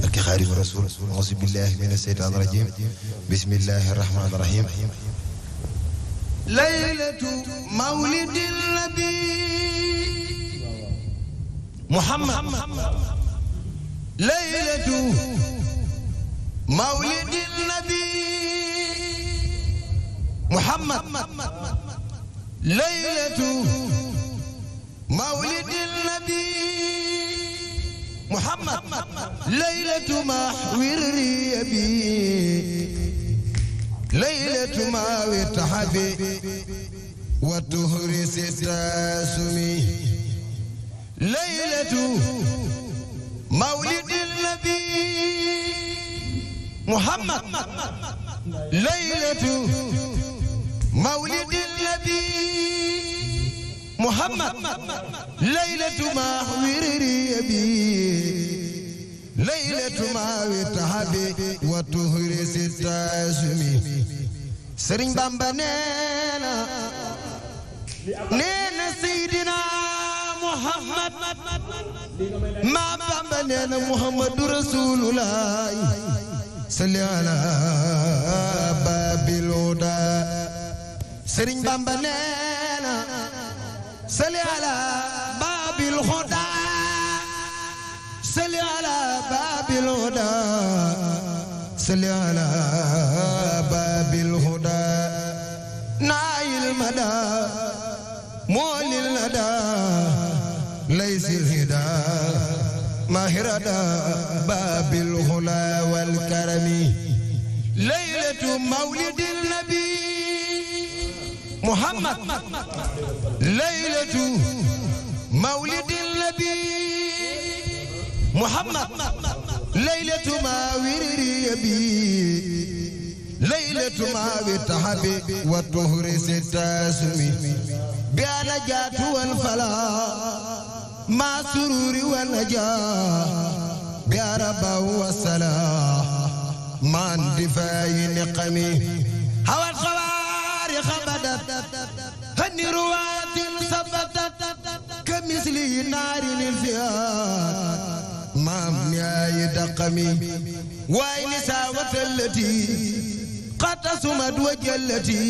barke xaadimu rasul auzu billahi min aseytaan rajim bismillahi rahmaan rahim laylatu mawlidi nabi muhammad laylatu mawlidi nabi muhammad laylatu mawlidi nabi محمد ليلة ما وري بي ليلة ما وتحفي وتهرس تاسمي ليلة مولد النبي محمد ليلة مولد النبي محمد ليلة ما ورري بي ليلة ما وتحبي وتهري ستاسمي سرين بامبا نينا نينا سيدنا محمد ما بامبا نينا محمد رسول الله صلى على باب الهدى سرين بامبا نينا sali ala babil huda sali ala babil huda sali ala babil huda nail mada molil nada laysil hida mahirada babil hula wal karami laylatu mawlidin nabi محمد ليلة مولد النبي محمد ليلة ما ورري بي ليلة ما وتحبي وتهرس التاسمي بأنجاة والفلاح مع سرور والنجاة بأربا وصلاح مع اندفاع نقمي خبدت هن روات ثبتت كمثله نار الفئات مام ياي دقمي واي نساوة التي قد سمد وجلتي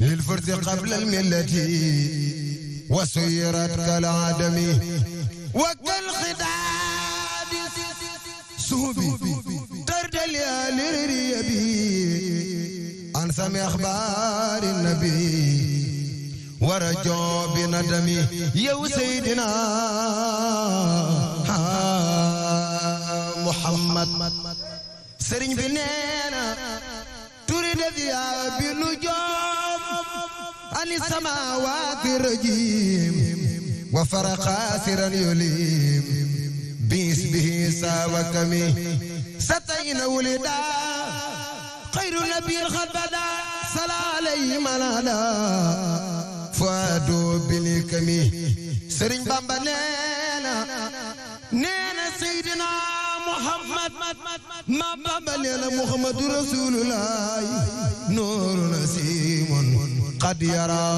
للفرد قبل الملة وسيرت كالعدم وكالخداب سوبي تردل يا للريبي حسم أخبار النبي ورجو بندمي يا سيدنا محمد سرين بنينا تريد ذياب النجوم عن السماوات الرجيم وفرق سرا يليم بيس به ساوى كمي ستين ولدا خير نبي قد بدا صلى عليه منادا فادو بلكمي سرين بامبا نينا نينا سيدنا محمد ما بابا ليلة محمد رسول الله نور نسيم قد يرى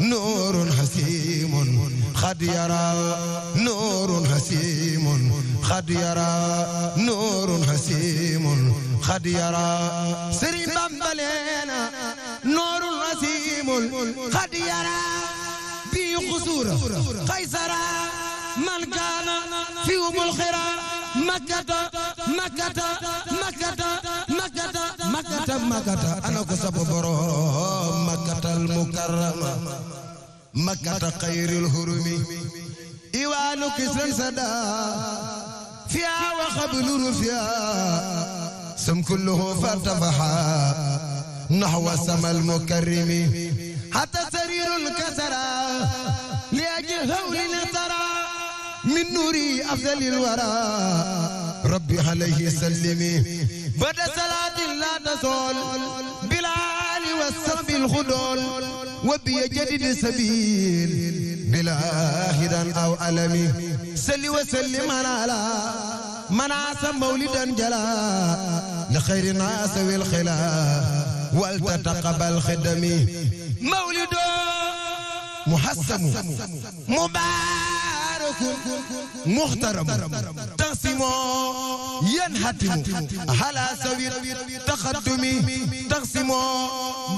نور حسيم قد يرى نور حسيم قد يرى نور حسيم قد يرى سرين بمبلينا نور عظيم قد يرى بي قصور قيصرا من كان في يوم الخرا مكة مكة مكة مكة مكة مكة أنا كسب برو مكة المكرمة مكة خير الهرم إيوانك سنسدا فيها وخبل فيها سم كله فارتفعا نحو السما المكرم حتى سرير انكسرا لأجل هول اخترا من نوري أفضل الورى ربي عليه سلمي بدا صلاة لا تزول بالعال والصب الخدول وبيجدد سبيل بلا أهدا أو ألمي سل وسلم على مناس مولدا جلا لخير ناس والخلا ولتتقبل خدمي مولد محسن مبارك محترم تقسم ينحتم على سبيل تقدم تقسم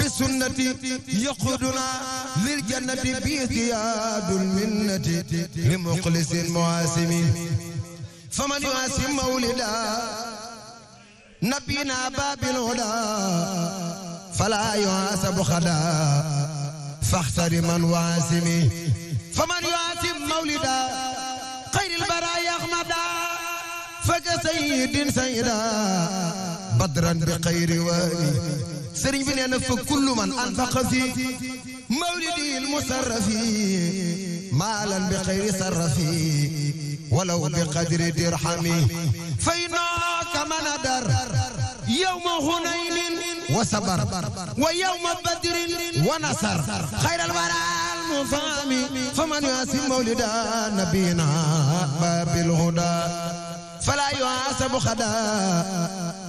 بسنة يقودنا للجنة بزياد المنة لمخلص معاسم فمن يواسم مولدا نبينا باب الهدى فلا يحاسب خدا فاختر من واسمه فمن يواسم مولدا خير البرايا احمدا فكسيد سيدا بدرا بخير والي سرين بن انا فكل من انفق في مولدي المسرفي مالا بخير صرفي walaw bi qadri dirhami faynaaka man adar yawma hunaynin wa sabar wa yawma badrin wa nasar xayral waraa المفهم فمن ياسم مولد نبينا باب الهدى فلا يحاسب خدا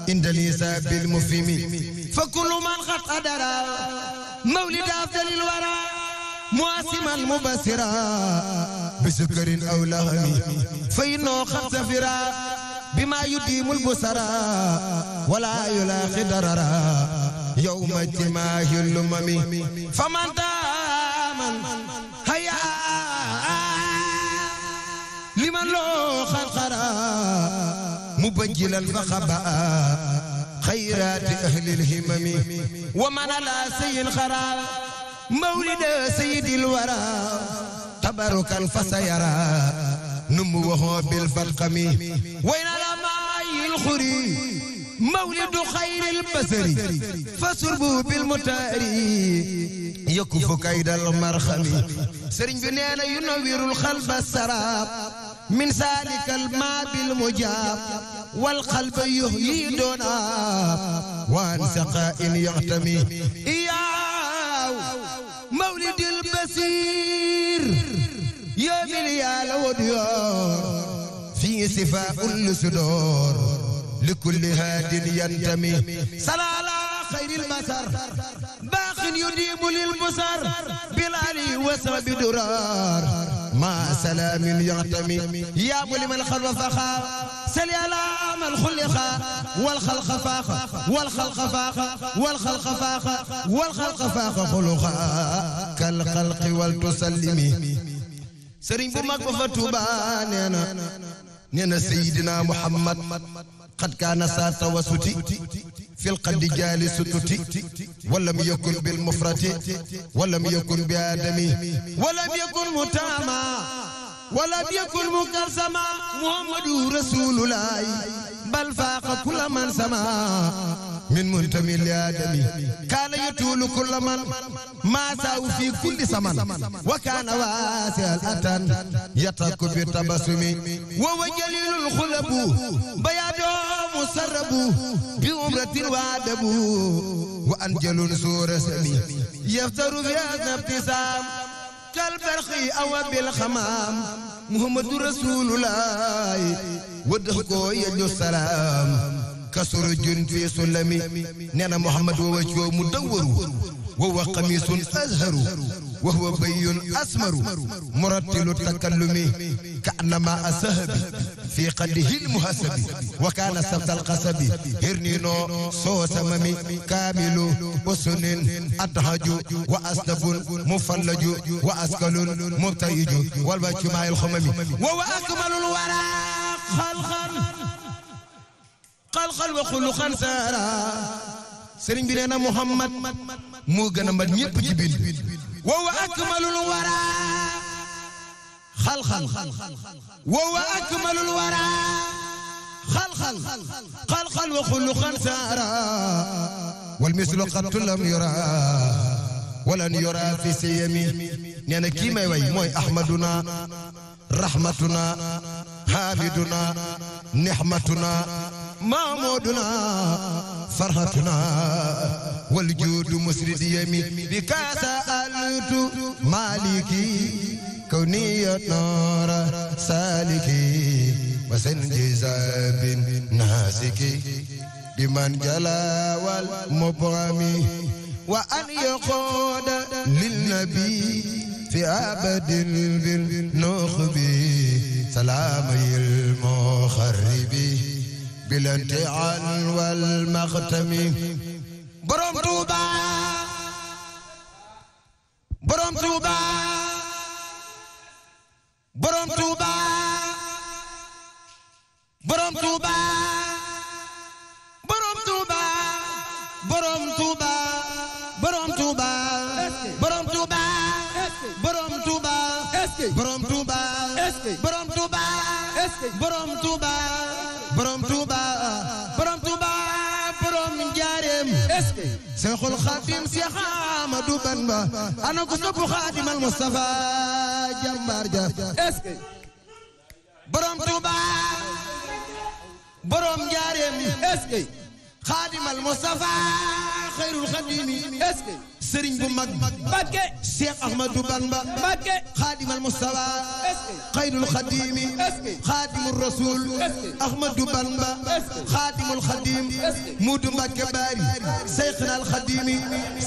عند الحساب المفهم فكل من قد قدر مولد افضل الورى مواسما مبصرا بسكر أو لهم فإنه قد سفرا بما يديم البصرا ولا يلاقي ضررا يوم اجتماع الأمم فمن تامن هيا لمن لو خرخرا مبجلا فخبا خيرات أهل الهمم ومن لا سي الخرار mawlid sayyidil wara tabarukan fasayara num waxoo bil fatqami wayna la maayil xuri mawlidu xayril basari fasurbu bil mutaari yokku fu kaydal marxami sëriñ bi nee na yu nawirul xalba sarab min salikal ma bil mujab wal xalba yuhyi doona waan saqa in yaxtami sidil basir yaa min yaa la wad yor fii sifaa'un li sudoor li kulli haadin yantami salaa alaa xayril basar baaxin yudiibu lil busar bilaali wa sabi duraar ما سلام يعتمي يا ملم الخلق فخا سلي على من خلقا والخلق فاخا والخلق فاخا والخلق فاخا والخلق فاخا خلقا كالخلق والتسلمي سرين بمك فتوبا نينا نينا سيدنا محمد قد كان ساتا وسوتي في القد جالس تتي ولم يكن بالمفرط ولم يكن بآدمي ولم يكن متاما ولم يكن مكرسما محمد رسول الله بل فاق كل من سما من منتمي لآدم كان يطول كل من ما ساو في كل زمن وكان واسع الأتن يترك بالتبسم وهو جليل الخلق بيان مسرب بعمرة وعدب وأنجل سور سمي يفتر بهذا ابتسام كالبرخي أو بالخمام محمد رسول الله ودهكو يجو السلام كسر جن في سلمي نانا محمد ووجهه مدور وهو قميص أزهر wa huwa bayyun asmaru murattilu takallumi kaanama asahabi fi qadihi lmuhasabi wa kana sabta alqasabi hirnino soosamami kaamilu usunin adhaju wa asdabun mufallaju wa askalun mubtayiju walbacumaa ilxumami wawa akmalu lwara xalxan xalxan wa xuluqan saara sëriñ bi nee na Muhammad moo gën a mat ñëpp ci bind wawa akmalul wara xalxal wawa akmalul wara xalxal xalxal wa xuluqan saara wal mislu qattu lam yura walan yura fi siyami nee na kii may way mooy ahmaduna rahmatuna hamiduna nihmatuna maamuduna فرحتنا والجود مسرد يمي بك سألت مالكي كوني نار سالكي وسن جزاب ناسكي بمن جلا والمبرم وأن يقود للنبي في أبد بالنخبي سلام المخربي bilanti an wal maxtami borom tuuba borom tuuba borom tuuba borom tuuba borom tuuba borom tuuba borom tuuba borom tuuba borom tuuba borom tuuba borom tuuba borom tuuba borom Touba borom Touba borom njaareem Seexul Xaadim Seex Ahmadu Bamba ana ko sopp Xaadimal Mustafa jàmbaar ja borom Touba borom njaareem Xaadimal Mustafa xayrul xaadimi sëriñ bu mag Mbakke Cheikh Ahmadou Bamba Mbakke Xaadimal Mustafa Xayrul Xadimi Xaadimul Rasul Ahmadou Bamba Xaadimul Xadim Muudu Mbakke Baari Seyxna al Xadimi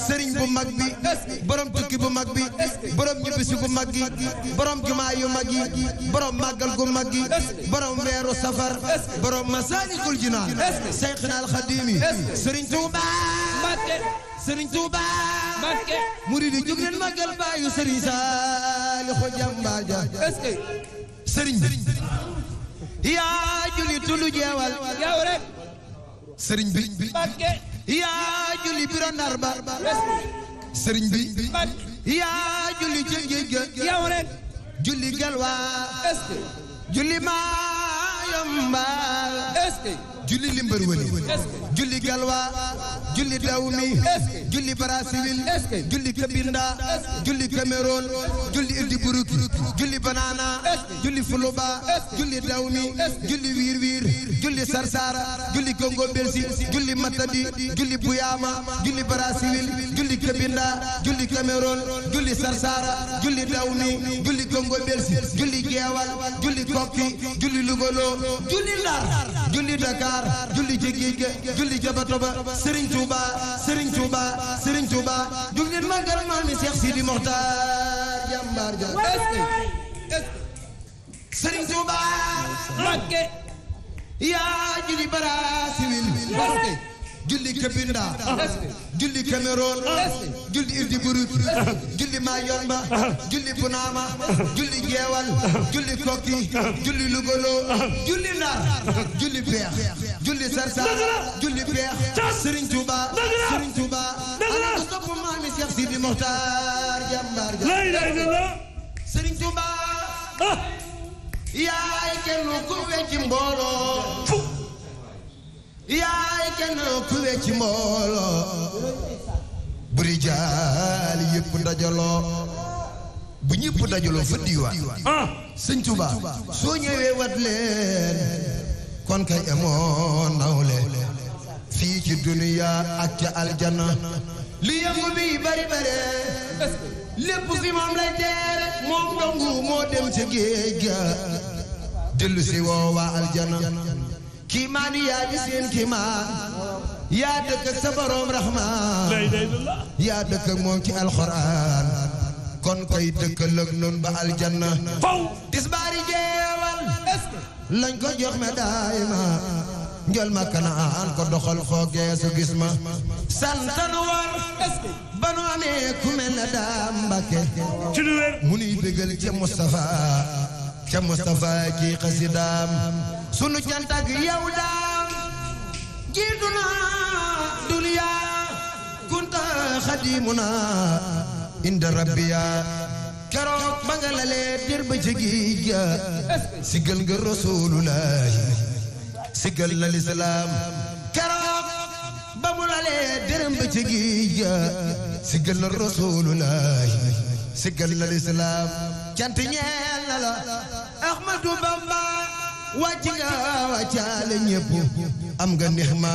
sëriñ bu mag bi borom tukki bu mag bi borom ñibbisi bu mag gi borom jumaa yu mag yi borom màggal gu mag gi borom weeru safar borom Masaalikul Jinaan Seyxna al Xadimi sëriñ Tuubaa Mbakke Serigne Touba Mbacké muridi jóg leen màggal baayu Serigne Saliou jàmbaar ja est-ce que yaa julli tulu jeewal yow rek Serigne bi Mbacké yaa julli bi Mbacké yaa julli ca géej ga yow rek julli galwaa est-ce que julli maayombaal est-ce que julli limbarwëli julli galwa julli dawmi julli brasilil julli kabinda julli cameroon julli iddi julli banana julli fuluba julli dawmi julli matadi julli buyama julli brasilil julli kabinda julli cameroon julli sarsara julli dawmi julli kongo belsi julli geewal julli kokki julli lugolo julli ndar julli dakar Dakar julli ci géej ga julli ca bato ba Serigne Touba Serigne Touba Serigne Touba jug leen màggal maami Cheikh Sidi Mokhtar jàmbaar ja Serigne Touba Mbacké yaa julli bara siwil julli Kabinda julli Cameroon julli Irdiburut julli Mayomba julli Bunama julli Jeewal julli Kokki julli Lugolo julli Ndar julli Peex julli Sarsar julli Peex Serigne Touba Serigne Touba ala ko sopp maami Cheikh Sidi Mokhtar jàmbaar la ilaha illallah Serigne Touba ah. yaay kenn ku wecci mbooloo yaay kenn ku we ci mbooloo bu rijaal yëpp dajaloo bu ñëpp dajaloo fa diwaan ah! sëñ Tuba soo ñëwee wat kon kay amoo nawle fii ci duniya ak ca aljana li yëngu bi bari bare lépp fi moom lay teere moom dongu moo dem ca géej ga dellu si woo waa kiimaan yaa di seen kiimaan yaa dëkk sa boroom rahmaan yaa dëkk ak ci alxuraan kon koy dëkkal ak nun ba aljanna faw tisbaari jeewal lañ ko jox me daayima kanaan ko doxal xoo geesu gis ma santanu war ba nu amee ku mel na daa mbàkke ci lu wér mu nuy sunu cant ak yow daal jiitu naa kunta xadimuna inda rabbiya keroog ba dir ba ci sigal nga rasulullahi sigal na lislaam keroog ba ba ci sigal na rasulullahi sigal na wàcc nga wàccaale ñépp am nga neex ma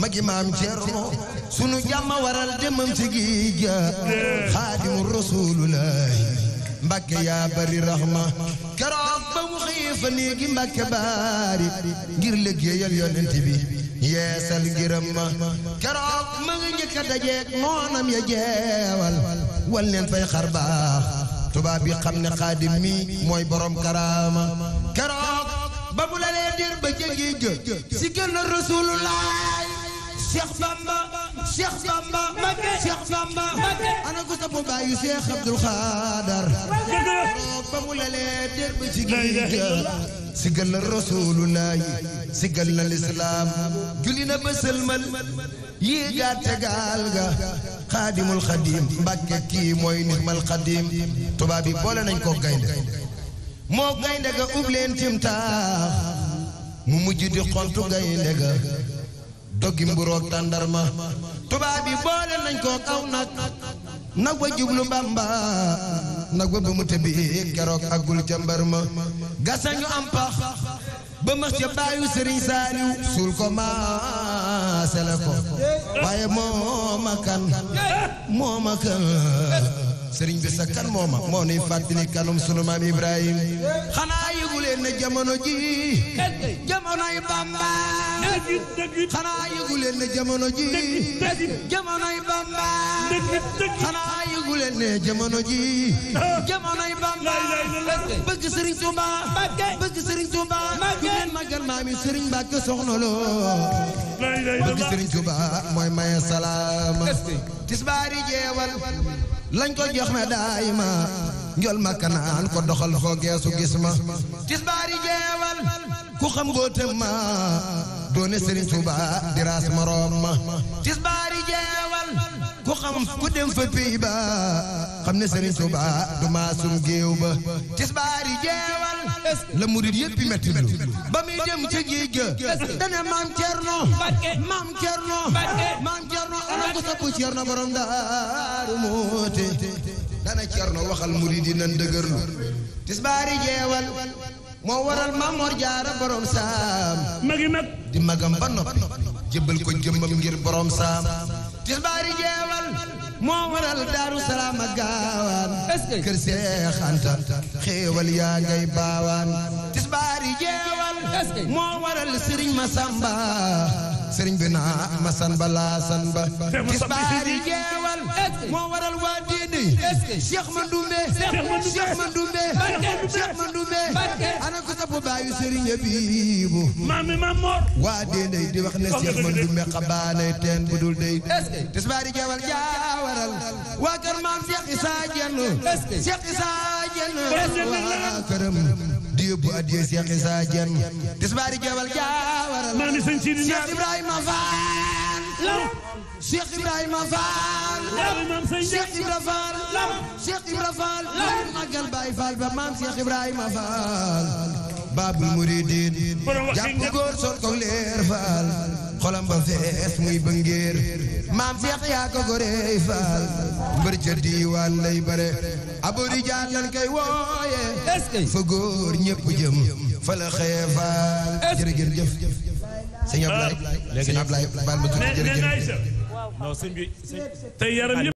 magi maam Cerno sunu jàmm waral demam si gi ja xaadimu rasulullahi yaa bari rahma keroog ba mu xiifa néegi mbàkke baari ngir liggéeyal yonent bi yeesal ngiram ma keroog ma nga njëkk a dajeeg noonam wal leen fay xar baax tubaab yi xam ne xaadim mi mooy borom karaama ba bu la lee dir ba jéggi jë si gën a rasulullaay Cheikh Bamba Cheikh Bamba ana ko sa bu bàyyi Cheikh Abdul Xaadar ba mu la lee dir ba jéggi jë sigal na rasulullaay sigal na lislaam julli na ba sëlmal yii gaa tegaal ga xaadimul xadim mbàkke kii mooy nixmal xadim tubaab bi boole nañ ko gaynde moo gaynde ga ub leen mu mujj di xontu gaynde ga doggi mburoog tàndarma tubaab boole nañ ko kaw nag nag wa jublu bamba nag wa ba mu tëbi keroog agul ca ma gasañu am pax ba max ca baayu sëriñ saaliw suul ko maasele ko waaye moo ma kan moo ma kan sëriñ bi sa kan moo ma moo nuy kanum sunu maam Ibrahima génn jamono ji jamonoy Bamba xanaa yëgu leen ne jamono ji jamonoy Bamba xanaa yëgu leen ne jamono ji ah. jamonoy Bamba bëgg Serigne Touba bëgg Serigne Touba ñu leen magal maami Serigne Mbacke soxna loo bëgg Serigne Touba mooy maye salaama tisbaari jeewal lañ ko jox me daayima njol ma kanaan ko doxal foo geesu gis ma tisbaari jeewal ku xam góote ma doone Serigne Touba diraas moroom ma tisbaari jeewal ku xam ku dem fa pii ba xam ne Serigne Touba du maasum géew ba tisbaari jeewal la murid yépp metti lu ba muy dem ca géej ga dana maam Cerno maam Cerno maam Cerno ana ko sabu Cerno borom Daaru Muxti ana cerno waxal murid moo waral Mamor Jaara borom saam magi mag di magam ba noppi jébbal ko jëmmam ngir borom saam tisbaari jeewal moo waral daaru salaam ak gaawaan kër seexanta yaa ngay baawaan tisbaari jeewal moo waral sëriñ Masamba sëriñ bi ma san ba laa san ba kisbaari jeewal moo waral waa diini Cheikh Mandoumbe Cheikh Mandoumbe Cheikh Mandoumbe ana ko topp baayu sëriñ Abibu maami maam Mor waa diini di wax ne Cheikh Mandoumbe xabaanay teen bu dul dey kisbaari jeewal jaa waral waa kër maam Cheikh Issa Dieng Cheikh Issa Dieng waa këram yóbbu addiya Cheikh Issa Diène tisbaari jabal jaawaral maami sëñ Sidi Cheikh Ibrahima Fall Cheikh Ibrahima Fall Cheikh Ibra Fall Cheikh Ibra Fall magal Baay Fall ba maam Cheikh Ibrahima Fall babul muridin jàpp góor sol ko leer Fall xolam ba fees muy bëngéer maam Seex yaa ko goree faal mbër ca diiwaan lay bare abori jaar lan koy wooye fa góor jëm fa la xëye faal jërëgéen jëf sëñ Ablaye sëñ Ablaye baal ma tudd jërëgéen non sëñ bi tey yaram